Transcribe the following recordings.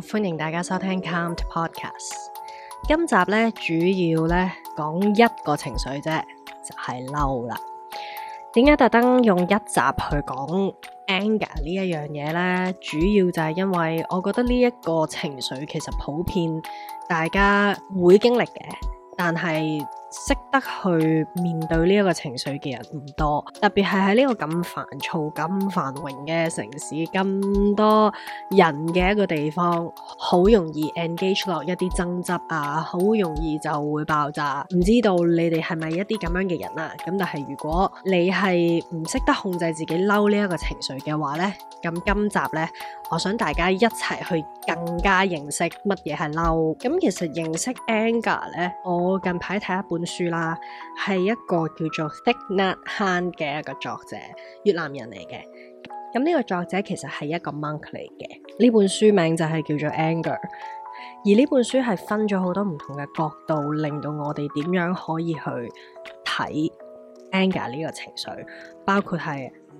歡迎大家收聽《Calmed & Co Podcast》。今集咧主要咧講一個情緒啫，就係嬲啦。點解特登用一集去講 anger 呢一樣嘢呢？主要就係因為我覺得呢一個情緒其實普遍大家會經歷嘅，但係，識得去面對呢一個情緒嘅人唔多，特別係喺呢個咁煩躁、咁繁榮嘅城市，咁多人嘅一個地方，好容易 engage 落一啲爭執啊，好容易就會爆炸。唔知道你哋係咪一啲咁樣嘅人啊？咁但係如果你係唔識得控制自己嬲呢一個情緒嘅話呢，咁今集呢。我想大家一齊去更加認識乜嘢係嬲。咁其實認識 anger 呢，我近排睇一本書啦，係一個叫做 Thich Nhat Hanh 嘅一個作者，越南人嚟嘅。咁呢個作者其實係一個 monk 嚟嘅。呢本書名就係叫做 anger。而呢本書係分咗好多唔同嘅角度，令到我哋點樣可以去睇 anger 呢個情緒，包括係。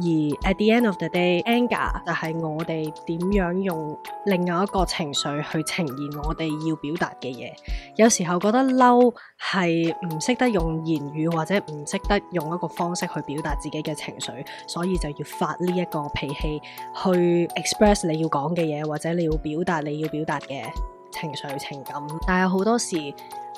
而 at the end of the day，anger 就係我哋點樣用另外一個情緒去呈現我哋要表達嘅嘢。有時候覺得嬲係唔識得用言語或者唔識得用一個方式去表達自己嘅情緒，所以就要發呢一個脾氣去 express 你要講嘅嘢或者你要表達你要表達嘅情緒情感。但係好多時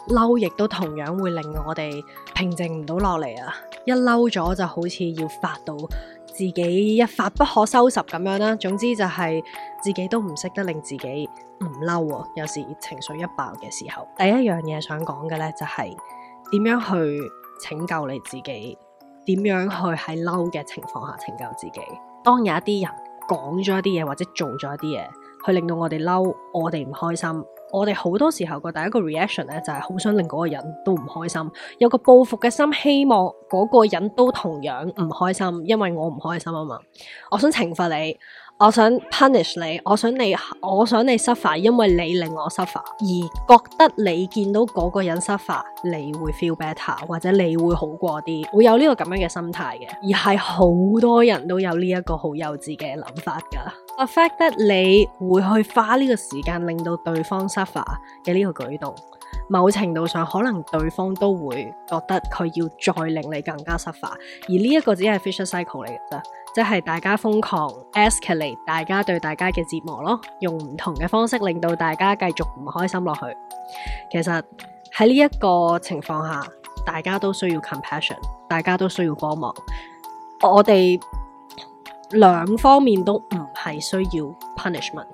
嬲亦都同樣會令我哋平靜唔到落嚟啊！一嬲咗就好似要發到～自己一發不可收拾咁樣啦，總之就係自己都唔識得令自己唔嬲啊，有時情緒一爆嘅時候，第一樣嘢想講嘅呢，就係點樣去拯救你自己，點樣去喺嬲嘅情況下拯救自己。當有一啲人講咗一啲嘢或者做咗一啲嘢，佢令到我哋嬲，我哋唔開心。我哋好多時候個第一個 reaction 咧，就係好想令嗰個人都唔開心，有個報復嘅心，希望嗰個人都同樣唔開心，因為我唔開心啊嘛，我想懲罰你。我想 punish 你，我想你，我想你 suffer，因為你令我 suffer，而覺得你見到嗰個人 suffer，你會 feel better，或者你會好過啲，會有呢個咁樣嘅心態嘅，而係好多人都有呢一個好幼稚嘅諗法㗎。The fact that 你會去花呢個時間令到對方 suffer 嘅呢個舉動，某程度上可能對方都會覺得佢要再令你更加 suffer，而呢一個只係 vicious cycle 嚟嘅啫。即係大家瘋狂 escalate，大家對大家嘅折磨咯，用唔同嘅方式令到大家繼續唔開心落去。其實喺呢一個情況下，大家都需要 compassion，大家都需要幫忙。我哋兩方面都唔係需要 punishment，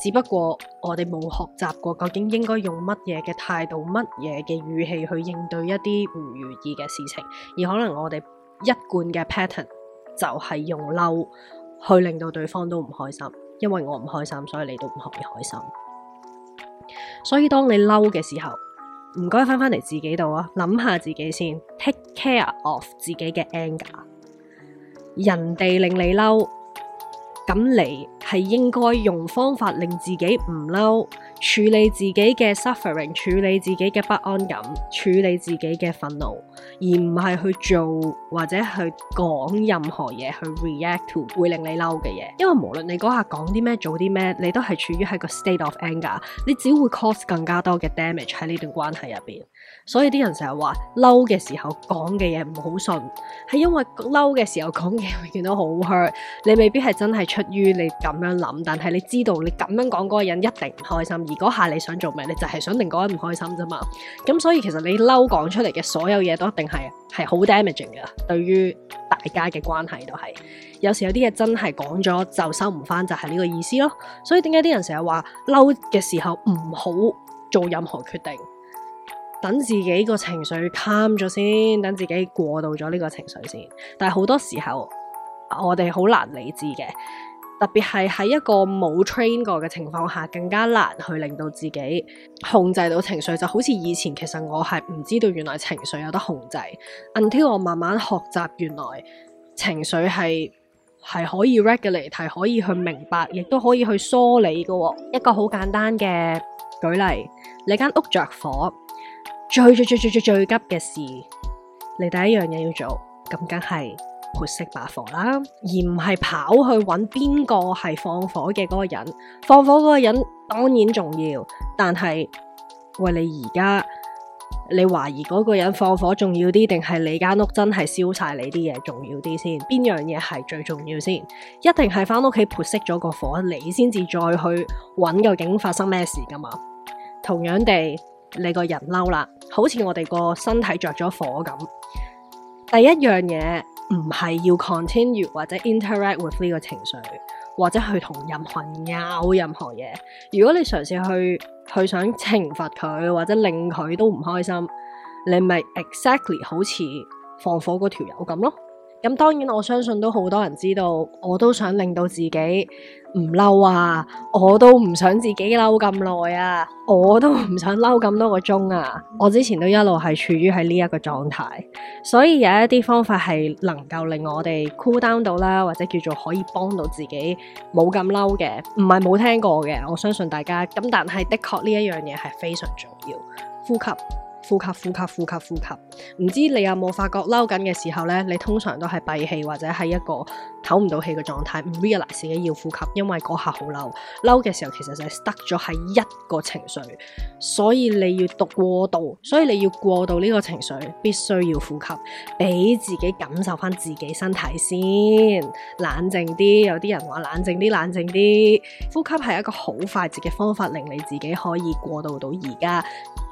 只不過我哋冇學習過究竟應該用乜嘢嘅態度、乜嘢嘅語氣去應對一啲唔如意嘅事情，而可能我哋一貫嘅 pattern。就係用嬲去令到對方都唔開心，因為我唔開心，所以你都唔可以開心。所以當你嬲嘅時候，唔該翻返嚟自己度啊，諗下自己先，take care of 自己嘅 anger。人哋令你嬲，咁你係應該用方法令自己唔嬲。處理自己嘅 suffering，處理自己嘅不安感，處理自己嘅憤怒，而唔係去做或者去講任何嘢去 react to 會令你嬲嘅嘢。因為無論你嗰下講啲咩、做啲咩，你都係處於喺個 state of anger，你只會 cause 更加多嘅 damage 喺呢段關係入邊。所以啲人成日話嬲嘅時候講嘅嘢唔好信。係因為嬲嘅時候講嘢會見到好 hurt，你未必係真係出於你咁樣諗，但係你知道你咁樣講嗰個人一定唔開心，而嗰下你想做咩？你就係想令嗰個人唔開心啫嘛。咁所以其實你嬲講出嚟嘅，所有嘢都一定係係好 damaging 嘅，對於大家嘅關係都係。有時有啲嘢真係講咗就收唔翻，就係、是、呢個意思咯。所以點解啲人成日話嬲嘅時候唔好做任何決定？等自己個情緒 calm 咗先，等自己過渡咗呢個情緒先。但係好多時候，我哋好難理智嘅，特別係喺一個冇 train 過嘅情況下，更加難去令到自己控制到情緒。就好似以前，其實我係唔知道原來情緒有得控制，until 我慢慢學習原來情緒係係可以 regulate，係可以去明白，亦都可以去梳理嘅、哦。一個好簡單嘅舉例，你間屋着火。最最最最最急嘅事，你第一樣嘢要做，咁梗係潑熄把火啦，而唔係跑去揾邊個係放火嘅嗰個人。放火嗰個人當然重要，但係喂，你而家，你懷疑嗰個人放火重要啲，定係你間屋真係燒晒你啲嘢重要啲先？邊樣嘢係最重要先？一定係返屋企潑熄咗個火，你先至再去揾究竟發生咩事㗎嘛？同樣地。你個人嬲啦，好似我哋個身體着咗火咁。第一樣嘢唔係要 continue 或者 interact with 呢個情緒，或者去同任何人拗任何嘢。如果你嘗試去去想懲罰佢，或者令佢都唔開心，你咪 exactly 好似放火嗰條友咁咯。咁當然我相信都好多人知道，我都想令到自己唔嬲啊，我都唔想自己嬲咁耐啊，我都唔想嬲咁多個鐘啊，我之前都一路係處於喺呢一個狀態，所以有一啲方法係能夠令我哋 cool down 到啦，或者叫做可以幫到自己冇咁嬲嘅，唔係冇聽過嘅，我相信大家咁，但係的確呢一樣嘢係非常重要，呼吸。呼吸，呼吸，呼吸，呼吸。唔知你有冇發覺嬲緊嘅時候呢，你通常都係閉氣或者係一個唞唔到氣嘅狀態，唔 realize 自己要呼吸，因為嗰下好嬲。嬲嘅時候其實就係 stuck 咗喺一個情緒，所以你要渡過渡，所以你要過渡呢個情緒，必須要呼吸，俾自己感受返自己身體先，冷靜啲。有啲人話冷靜啲，冷靜啲。呼吸係一個好快捷嘅方法，令你自己可以過渡到而家。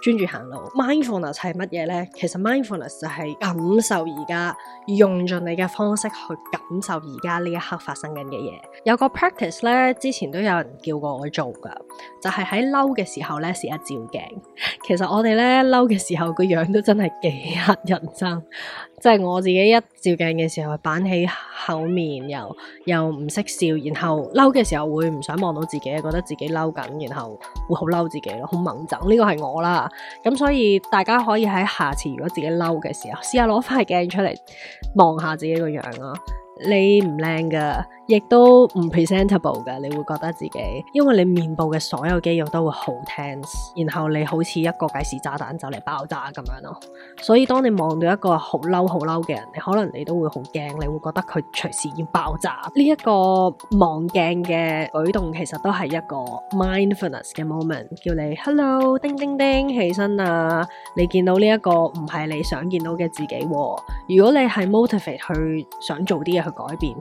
專注行路，mindfulness 係乜嘢呢？其實 mindfulness 就係感受而家，用盡你嘅方式去感受而家呢一刻發生緊嘅嘢。有個 practice 呢，之前都有人叫過我做㗎，就係喺嬲嘅時候呢，試一照鏡。其實我哋呢，嬲嘅時候，個樣都真係幾乞人憎。即 係我自己一照鏡嘅時候，板起口面，又又唔識笑，然後嬲嘅時候會唔想望到自己，覺得自己嬲緊，然後會好嬲自己咯，好掹憎。呢、這個係我啦。咁所以大家可以喺下次如果自己嬲嘅時候，試下攞塊鏡出嚟望下自己個樣啦啊。你唔靚㗎，亦都唔 presentable 嘅，你會覺得自己，因為你面部嘅所有肌肉都會好 tense，然後你好似一個計時炸彈就嚟爆炸咁樣咯。所以當你望到一個好嬲、好嬲嘅人，你可能你都會好驚，你會覺得佢隨時要爆炸。呢、這、一個望鏡嘅舉動其實都係一個 mindfulness 嘅 moment，叫你 hello，叮叮叮，起身啊！你見到呢一個唔係你想見到嘅自己，哦。如果你係 motivate 去想做啲嘢。去改變，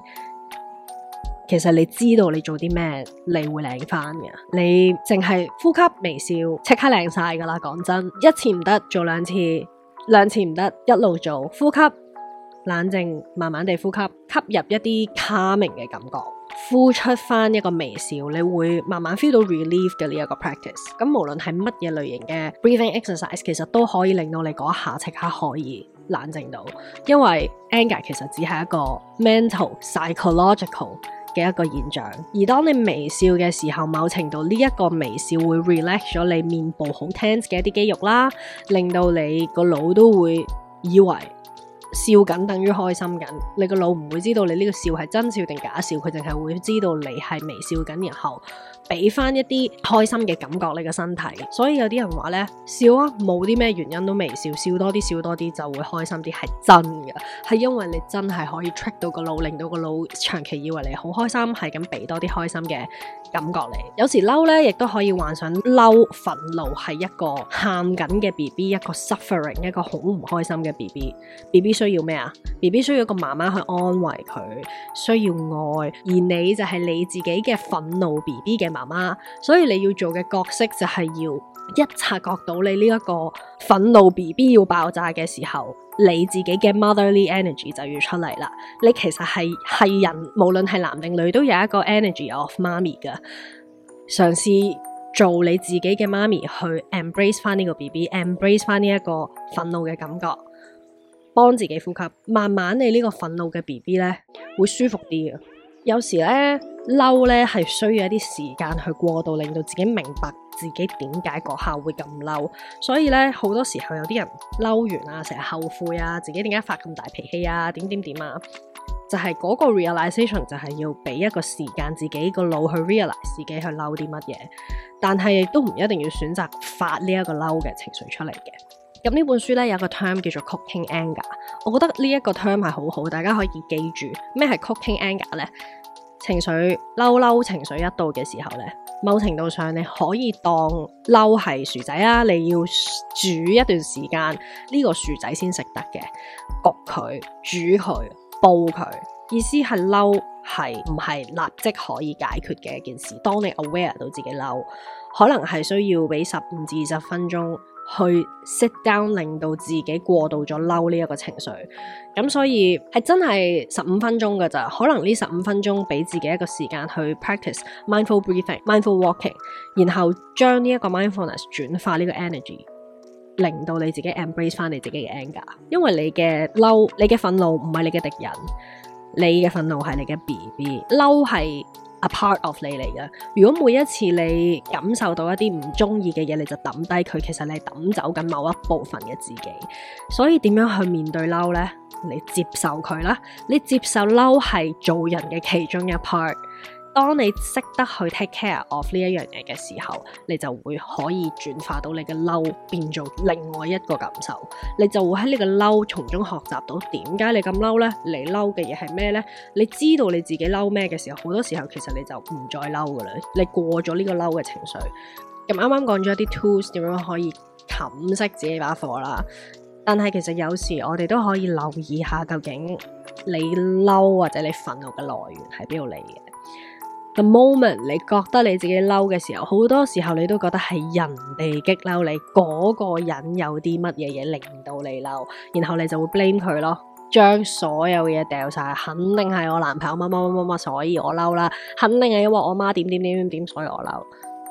其實你知道你做啲咩，你會靚翻嘅。你淨係呼吸微笑，即刻靚晒噶啦！講真，一次唔得，做兩次，兩次唔得，一路做呼吸，冷靜，慢慢地呼吸，吸入一啲 calming 嘅感覺，呼出翻一個微笑，你會慢慢 feel 到 relief 嘅呢一個 practice。咁無論係乜嘢類型嘅 breathing exercise，其實都可以令到你嗰一下即刻可以。冷靜到，因為 anger 其實只係一個 mental psychological 嘅一個現象。而當你微笑嘅時候，某程度呢一個微笑會 relax 咗你面部好 tense 嘅一啲肌肉啦，令到你個腦都會以為笑緊等於開心緊。你個腦唔會知道你呢個笑係真笑定假笑，佢淨係會知道你係微笑緊，然後。俾翻一啲開心嘅感覺你個身體，所以有啲人話咧，笑啊，冇啲咩原因都微笑，笑多啲笑多啲就會開心啲，係真嘅，係因為你真係可以 trick 到個腦，令到個腦長期以為你好開心，係咁俾多啲開心嘅感覺你。有時嬲咧，亦都可以幻想嬲憤怒係一個喊緊嘅 B B，一個 suffering，一個好唔開心嘅 B B。B B 需要咩啊？B B 需要一個媽媽去安慰佢，需要愛，而你就係你自己嘅憤怒 B B 嘅。媽媽，所以你要做嘅角色就係要一察覺到你呢一個憤怒 B B 要爆炸嘅時候，你自己嘅 motherly energy 就要出嚟啦。你其實係係人，無論係男定女，都有一個 energy of 媽咪噶嘗試做你自己嘅媽咪去 embrace 翻呢個 B B，embrace 翻呢一個憤怒嘅感覺，幫自己呼吸，慢慢你呢個憤怒嘅 B B 咧會舒服啲嘅。有時咧。嬲咧，係需要一啲時間去過渡，令到自己明白自己點解個下會咁嬲。所以咧，好多時候有啲人嬲完啊，成日後悔啊，自己點解發咁大脾氣啊？點點點啊，就係嗰個 realization 就係要俾一個時間自己個腦去 realize 自己去嬲啲乜嘢。但係亦都唔一定要選擇發呢一個嬲嘅情緒出嚟嘅。咁呢本書咧有一個 term 叫做 cooking anger，我覺得呢一個 term 係好好，大家可以記住咩係 cooking anger 咧？情緒嬲嬲情緒一度嘅時候呢，某程度上你可以當嬲係薯仔啦，你要煮一段時間呢個薯仔先食得嘅，焗佢、煮佢、煲佢，意思係嬲係唔係立即可以解決嘅一件事。當你 aware 到自己嬲，可能係需要俾十五至二十分鐘。去 sit down 令到自己過度咗嬲呢一個情緒，咁所以係真係十五分鐘㗎咋，可能呢十五分鐘俾自己一個時間去 practice mindful breathing、mindful walking，然後將呢一個 mindfulness 轉化呢個 energy，令到你自己 embrace 翻你自己嘅 anger，因為你嘅嬲、你嘅憤怒唔係你嘅敵人，你嘅憤怒係你嘅 BB，嬲係。A part of 你嚟嘅。如果每一次你感受到一啲唔中意嘅嘢，你就抌低佢，其實你抌走緊某一部分嘅自己。所以點樣去面對嬲呢？你接受佢啦，你接受嬲係做人嘅其中一 part。當你識得去 take care of 呢一樣嘢嘅時候，你就會可以轉化到你嘅嬲變做另外一個感受。你就會喺呢個嬲從中學習到點解你咁嬲呢？你嬲嘅嘢係咩呢？你知道你自己嬲咩嘅時候，好多時候其實你就唔再嬲噶啦。你過咗呢個嬲嘅情緒。咁啱啱講咗一啲 tools，點樣可以冚熄自己把火啦。但係其實有時我哋都可以留意下究竟你嬲或者你憤怒嘅來源係邊度嚟嘅。The moment 你覺得你自己嬲嘅時候，好多時候你都覺得係人哋激嬲你，嗰個人有啲乜嘢嘢令到你嬲，然後你就會 blame 佢咯，將所有嘢掉晒，肯定係我男朋友乜乜乜乜乜，所以我嬲啦，肯定係因為我媽點點點點點，所以我嬲。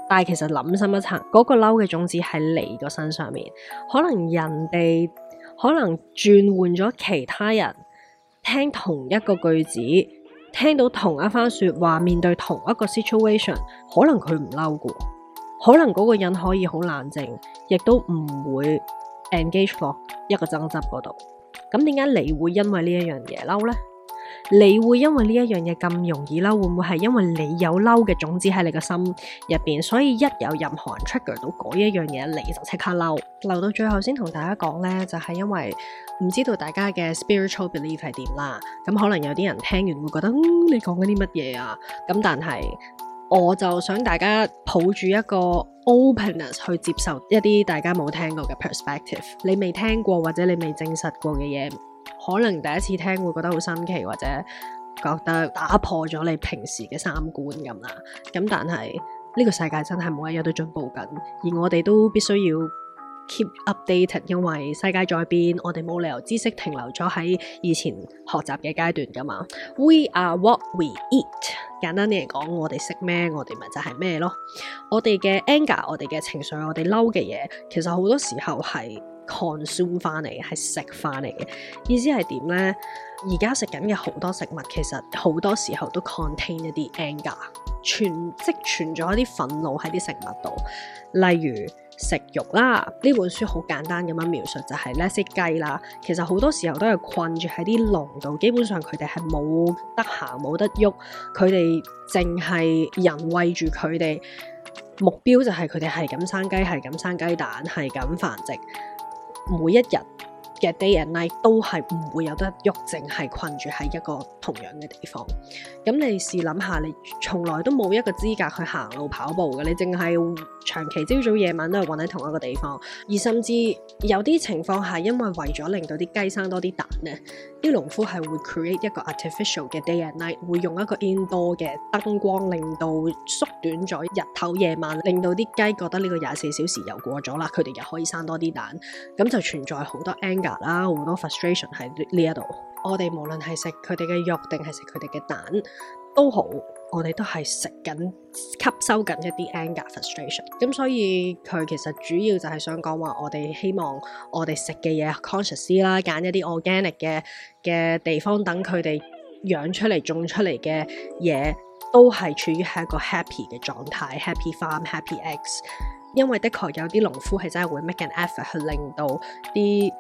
但係其實諗深一層，嗰個嬲嘅種子喺你個身上面，可能人哋可能轉換咗其他人，聽同一個句子。聽到同一番説話，面對同一個 situation，可能佢唔嬲嘅，可能嗰個人可以好冷靜，亦都唔會 engage for 一個爭執嗰度。咁點解你會因為呢一樣嘢嬲咧？你會因為呢一樣嘢咁容易嬲，會唔會係因為你有嬲嘅種子喺你個心入邊，所以一有任何人 trigger 到嗰一樣嘢，你就即刻嬲。留到最後先同大家講呢，就係因為唔知道大家嘅 spiritual belief 係點啦。咁可能有啲人聽完會覺得，嗯，你講緊啲乜嘢啊？咁但係我就想大家抱住一個 openness 去接受一啲大家冇聽過嘅 perspective，你未聽過或者你未證實過嘅嘢。可能第一次聽會覺得好新奇，或者覺得打破咗你平時嘅三觀咁啦。咁但係呢個世界真係冇一日都進步緊，而我哋都必須要 keep updated，因為世界在變，我哋冇理由知識停留咗喺以前學習嘅階段噶嘛。We are what we eat，簡單啲嚟講，我哋識咩，我哋咪就係咩咯。我哋嘅 anger，我哋嘅情緒，我哋嬲嘅嘢，其實好多時候係。Consume 翻嚟嘅係食翻嚟嘅意思係點呢？而家食緊嘅好多食物，其實好多時候都 contain 一啲 anger，存積存咗一啲憤怒喺啲食物度，例如食肉啦。呢本書好簡單咁樣描述就係呢隻雞啦。其實好多時候都係困住喺啲籠度，基本上佢哋係冇得行、冇得喐，佢哋淨係人餵住佢哋，目標就係佢哋係咁生雞，係咁生雞蛋，係咁繁殖。每一日嘅 day and night 都係唔會有得喐，淨係困住喺一個同樣嘅地方。咁你試諗下，你從來都冇一個資格去行路跑步嘅，你淨係長期朝早夜晚都係揾喺同一個地方，而甚至有啲情況下，因為為咗令到啲雞生多啲蛋咧。啲農夫係會 create 一個 artificial 嘅 day and night，會用一個 indoor 嘅燈光令到縮短咗日頭夜晚，令到啲雞覺得呢個廿四小時又過咗啦，佢哋又可以生多啲蛋，咁就存在好多 anger 啦，好多 frustration 喺呢一度。我哋無論係食佢哋嘅肉定係食佢哋嘅蛋都好。我哋都係食緊、吸收緊一啲 anger、frustration，咁所以佢其實主要就係想講話，我哋希望我哋食嘅嘢 consciously 啦，揀一啲 organic 嘅嘅地方等佢哋養出嚟、種出嚟嘅嘢，都係處於係一個 happy 嘅狀態，happy farm，happy eggs。因為的確有啲農夫係真係會 make an effort 去令到啲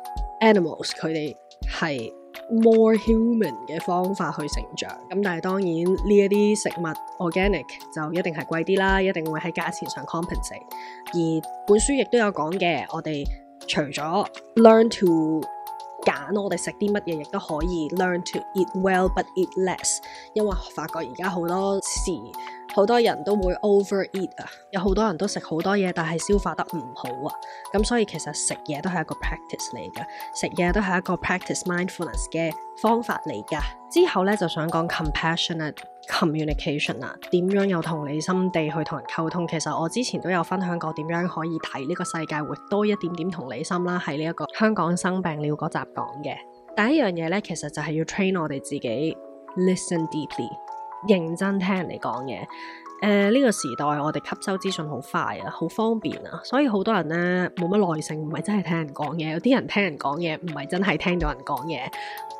animals 佢哋係。More human 嘅方法去成長，咁但係當然呢一啲食物 organic 就一定係貴啲啦，一定會喺價錢上 compensate。而本書亦都有講嘅，我哋除咗 learn to 揀，我哋食啲乜嘢亦都可以 learn to eat well but eat less，因為發覺而家好多事。好多人都會 overeat 啊，有好多人都食好多嘢，但係消化得唔好啊。咁所以其實食嘢都係一個 practice 嚟㗎，食嘢都係一個 practice mindfulness 嘅方法嚟㗎。之後咧就想講 compassionate communication 啊，點樣有同理心地去同人溝通。其實我之前都有分享過點樣可以睇呢個世界會多一點點同理心啦，喺呢一個香港生病了嗰集講嘅。第一樣嘢咧，其實就係要 train 我哋自己 listen deeply。認真聽人哋講嘢，誒，呢個時代我哋吸收資訊好快啊，好方便啊，所以好多人呢，冇乜耐性，唔係真係聽人講嘢，有啲人聽人講嘢，唔係真係聽到人講嘢。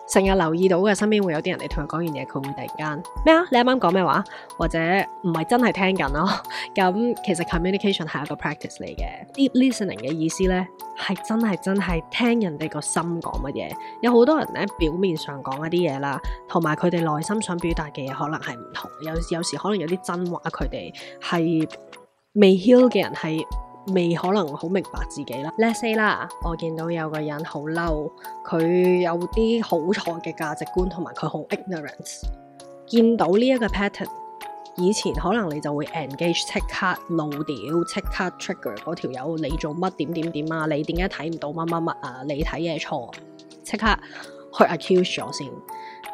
成日留意到嘅，身邊會有啲人嚟同佢講完嘢，佢會突然間咩啊？你啱啱講咩話？或者唔係真係聽緊咯？咁 其實 communication 係一個 practice 嚟嘅，deep listening 嘅意思呢，係真係真係聽人哋個心講乜嘢。有好多人呢，表面上講一啲嘢啦，同埋佢哋內心想表達嘅嘢可能係唔同。有時，有時可能有啲真話，佢哋係未 heal 嘅人係。未可能好明白自己啦。Let's say 啦，我見到有個人好嬲，佢有啲好錯嘅價值觀，同埋佢好 ignorance。見到呢一個 pattern，以前可能你就會 engage，即刻露屌，即刻 trigger 嗰條友，你做乜點點點啊？你點解睇唔到乜乜乜啊？你睇嘢錯，即刻去 accuse 咗先。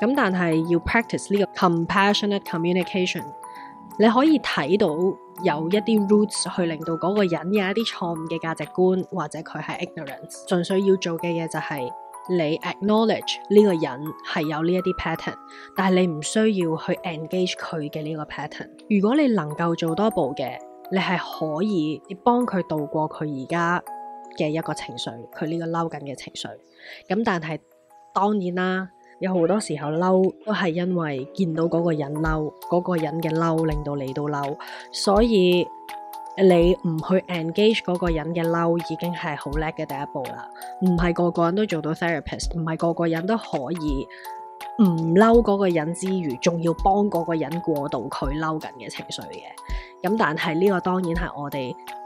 咁但係要 practice 呢個 compassionate communication，你可以睇到。有一啲 roots 去令到嗰個人有一啲錯誤嘅價值觀，或者佢係 ignorance。純粹要做嘅嘢就係你 acknowledge 呢個人係有呢一啲 pattern，但係你唔需要去 engage 佢嘅呢個 pattern。如果你能夠做多步嘅，你係可以你幫佢度過佢而家嘅一個情緒，佢呢個嬲緊嘅情緒，咁但係當然啦。有好多時候嬲都係因為見到嗰個人嬲，嗰個人嘅嬲令到你都嬲，所以你唔去 engage 嗰個人嘅嬲已經係好叻嘅第一步啦。唔係個個人都做到 therapist，唔係個個人都可以唔嬲嗰個人之餘，仲要幫嗰個人過渡佢嬲緊嘅情緒嘅。咁但係呢個當然係我哋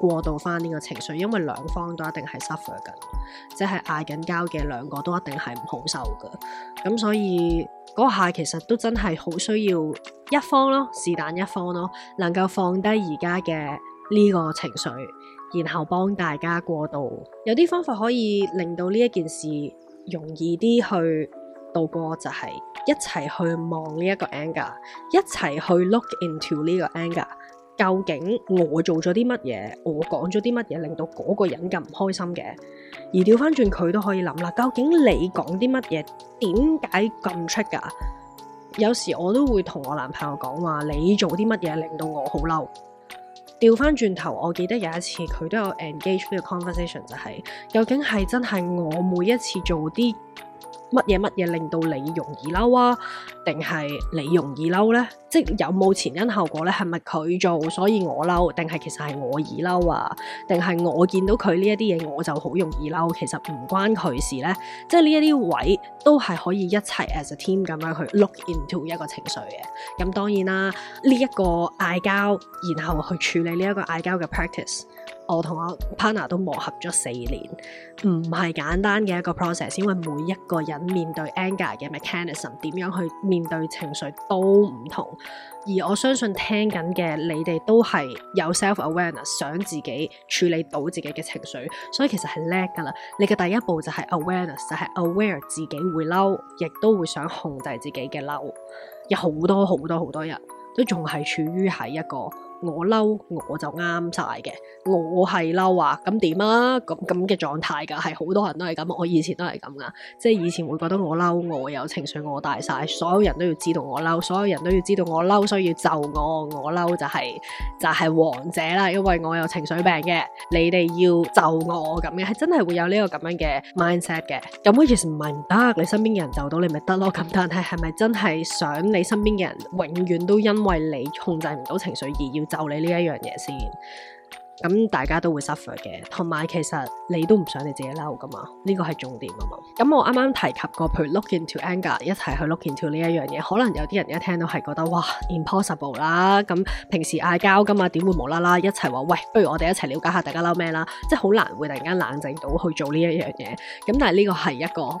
過渡翻呢個情緒，因為兩方都一定係 suffer 緊，即係嗌緊交嘅兩個都一定係唔好受嘅。咁所以嗰下其實都真係好需要一方咯，是但一方咯，能夠放低而家嘅呢個情緒，然後幫大家過渡。有啲方法可以令到呢一件事容易啲去度過，就係一齊去望呢一個 anger，一齊去 look into 呢個 anger。究竟我做咗啲乜嘢，我講咗啲乜嘢令到嗰個人咁唔開心嘅？而調翻轉佢都可以諗啦。究竟你講啲乜嘢，點解咁出格？有時我都會同我男朋友講話，你做啲乜嘢令到我好嬲？調翻轉頭，我記得有一次佢都有 engage 呢個 conversation，就係、是、究竟係真係我每一次做啲。乜嘢乜嘢令到你容易嬲啊？定係你容易嬲呢？即係有冇前因後果呢？係咪佢做所以我嬲？定係其實係我易嬲啊？定係我見到佢呢一啲嘢我就好容易嬲？其實唔關佢事呢。即係呢一啲位都係可以一齊 as a team 咁樣去 look into 一個情緒嘅。咁、嗯、當然啦，呢、這、一個嗌交，然後去處理呢一個嗌交嘅 practice。我同阿 partner 都磨合咗四年，唔係簡單嘅一個 process，因為每一個人面對 anger 嘅 mechanism，點樣去面對情緒都唔同。而我相信聽緊嘅你哋都係有 self-awareness，想自己處理到自己嘅情緒，所以其實係叻噶啦。你嘅第一步就係 awareness，就係 aware 自己會嬲，亦都會想控制自己嘅嬲。有好多好多好多人都仲係處於喺一個。我嬲我就啱晒嘅，我係嬲啊！咁點啊？咁咁嘅狀態㗎，係好多人都係咁，我以前都係咁噶。即係以前會覺得我嬲，我有情緒我大晒，所有人都要知道我嬲，所有人都要知道我嬲，所以要就我，我嬲就係就係王者啦。因為我有情緒病嘅，你哋要就我咁嘅，係真係會有呢個咁樣嘅 mindset 嘅。咁好似唔係唔得，你身邊嘅人就到你咪得咯。咁但係係咪真係想你身邊嘅人永遠都因為你控制唔到情緒而要？就你呢一樣嘢先，咁大家都會 suffer 嘅，同埋其實你都唔想你自己嬲噶嘛，呢個係重點啊嘛。咁我啱啱提及過，譬如 look into anger 一齊去 look into 呢一樣嘢，可能有啲人一聽到係覺得哇 impossible 啦，咁平時嗌交噶嘛，點會無啦啦一齊話喂，不如我哋一齊了解下大家嬲咩啦，即係好難會突然間冷靜到去做呢一樣嘢。咁但係呢個係一個。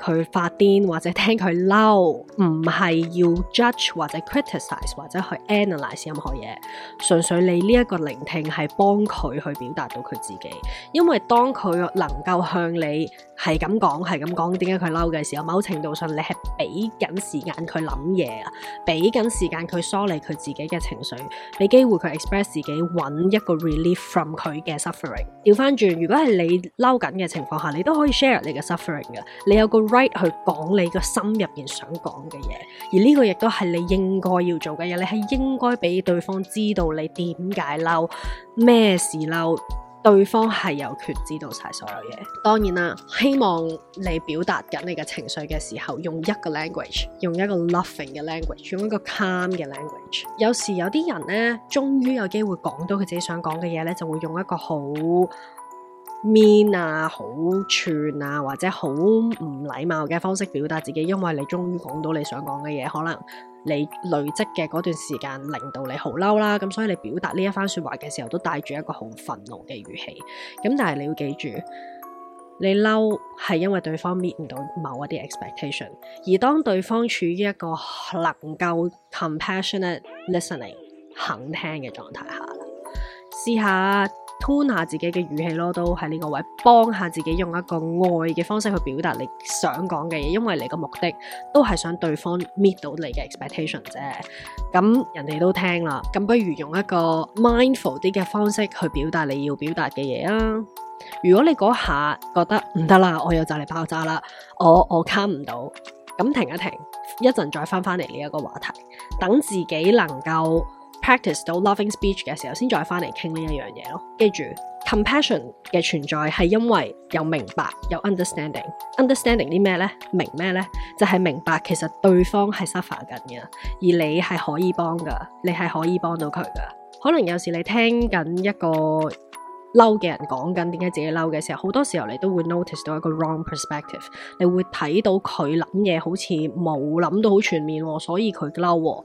佢發癲或者聽佢嬲，唔係要 judge 或者 criticize 或者去 analyze 任何嘢，純粹你呢一個聆聽係幫佢去表達到佢自己。因為當佢能夠向你係咁講，係咁講點解佢嬲嘅時候，某程度上你係俾緊時間佢諗嘢啊，俾緊時間佢梳理佢自己嘅情緒，俾機會佢 express 自己，揾一個 relief from 佢嘅 suffering。調翻轉，如果係你嬲緊嘅情況下，你都可以 share 你嘅 suffering 嘅，你有個。Right 去講你個心入邊想講嘅嘢，而呢個亦都係你應該要做嘅嘢。你係應該俾對方知道你點解嬲，咩事嬲，對方係有權知道晒所有嘢。當然啦，希望你表達緊你嘅情緒嘅時候，用一個 language，用一個 loving 嘅 language，用一個 calm 嘅 language。有時有啲人呢，終於有機會講到佢自己想講嘅嘢呢，就會用一個好 mean 啊，好串啊，或者好唔禮貌嘅方式表達自己，因為你終於講到你想講嘅嘢，可能你累積嘅嗰段時間令到你好嬲啦，咁所以你表達呢一番説話嘅時候都帶住一個好憤怒嘅語氣。咁但係你要記住，你嬲係因為對方 meet 唔到某一啲 expectation，而當對方處於一個能夠 compassionate listening 肯聽嘅狀態下啦，試下。吞下自己嘅語氣咯，都喺呢個位幫下自己用一個愛嘅方式去表達你想講嘅嘢，因為你嘅目的都係想對方 meet 到你嘅 expectation 啫。咁、嗯、人哋都聽啦，咁、嗯、不如用一個 mindful 啲嘅方式去表達你要表達嘅嘢啦。如果你嗰下覺得唔得啦，我又就嚟爆炸啦，我我卡唔到，咁、嗯、停一停，一陣再翻翻嚟呢一個話題，等自己能夠。Practice 到 loving speech 嘅時候，先再翻嚟傾呢一樣嘢咯。記住，compassion 嘅存在係因為有明白，有 understanding。Understanding 啲咩咧？明咩咧？就係明白其實對方係 suffer 緊嘅，而你係可以幫噶，你係可以幫到佢噶。可能有時你聽緊一個嬲嘅人講緊點解自己嬲嘅時候，好多時候你都會 notice 到一個 wrong perspective。你會睇到佢諗嘢好似冇諗到好全面喎，所以佢嬲喎。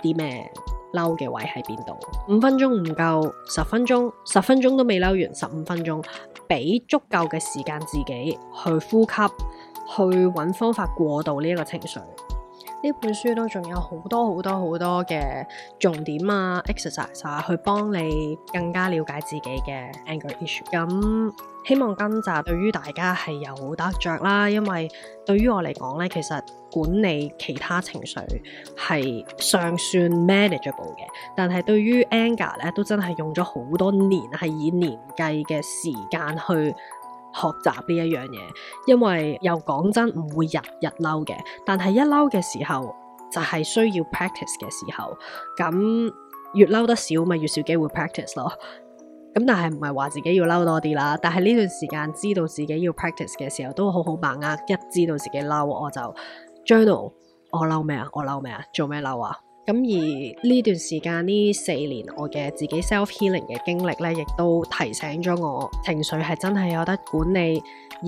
啲咩嬲嘅位喺邊度？五分鐘唔夠，十分鐘，十分鐘都未嬲完，十五分鐘，俾足夠嘅時間自己去呼吸，去揾方法過渡呢一個情緒。呢本書都仲有好多好多好多嘅重點啊，exercise 啊，去幫你更加了解自己嘅 anger issue。咁希望今集對於大家係有得着啦，因為對於我嚟講呢，其實管理其他情緒係尚算 manageable 嘅，但係對於 anger 咧都真係用咗好多年，係以年計嘅時間去。學習呢一樣嘢，因為又講真唔會日日嬲嘅，但係一嬲嘅時候就係需要 practice 嘅時候，咁、就是、越嬲得少咪越少機會 practice 咯。咁但係唔係話自己要嬲多啲啦，但係呢段時間知道自己要 practice 嘅時候，都好好把握。一知道自己嬲，我就 journal 我嬲咩啊，我嬲咩啊，做咩嬲啊？咁而呢段時間呢四年，我嘅自己 self healing 嘅經歷呢，亦都提醒咗我情緒係真係有得管理，而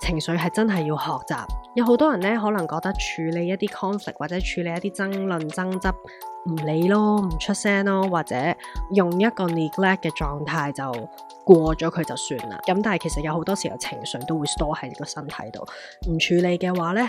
情緒係真係要學習。有好多人呢，可能覺得處理一啲 conflict 或者處理一啲爭論爭執，唔理咯，唔出聲咯，或者用一個 neglect 嘅狀態就過咗佢就算啦。咁但係其實有好多時候情緒都會 store 喺個身體度，唔處理嘅話呢。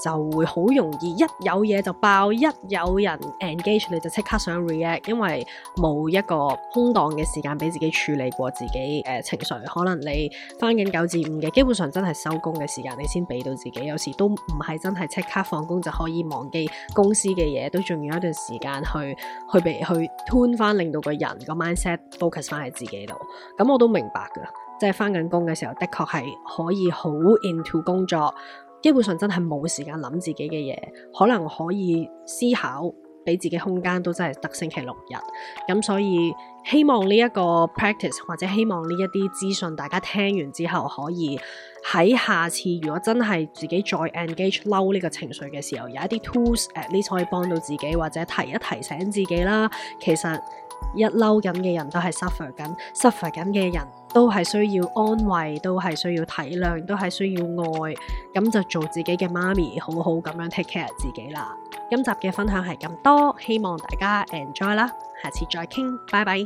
就會好容易一有嘢就爆，一有人 engage 你就即刻想 react，因為冇一個空檔嘅時間俾自己處理過自己誒情緒。可能你翻緊九至五嘅，基本上真係收工嘅時間你先俾到自己。有時都唔係真係即刻放工就可以忘記公司嘅嘢，都仲要一段時間去去俾去，去，去 tune 翻，令到個人個 mindset focus 翻喺自己度。咁、嗯、我都明白㗎，即係翻緊工嘅時候，的確係可以好 into 工作。基本上真係冇時間諗自己嘅嘢，可能可以思考，俾自己空間都真係得星期六日。咁所以希望呢一個 practice 或者希望呢一啲資訊，大家聽完之後可以喺下次如果真係自己再 engage 嬲呢個情緒嘅時候，有一啲 tools at least 可以幫到自己，或者提一提醒自己啦。其實。一嬲緊嘅人都係 suffer 緊，suffer 緊嘅人都係需要安慰，都係需要體諒，都係需要愛，咁就做自己嘅媽咪，好好咁樣 take care 自己啦。今集嘅分享係咁多，希望大家 enjoy 啦，下次再傾，拜拜。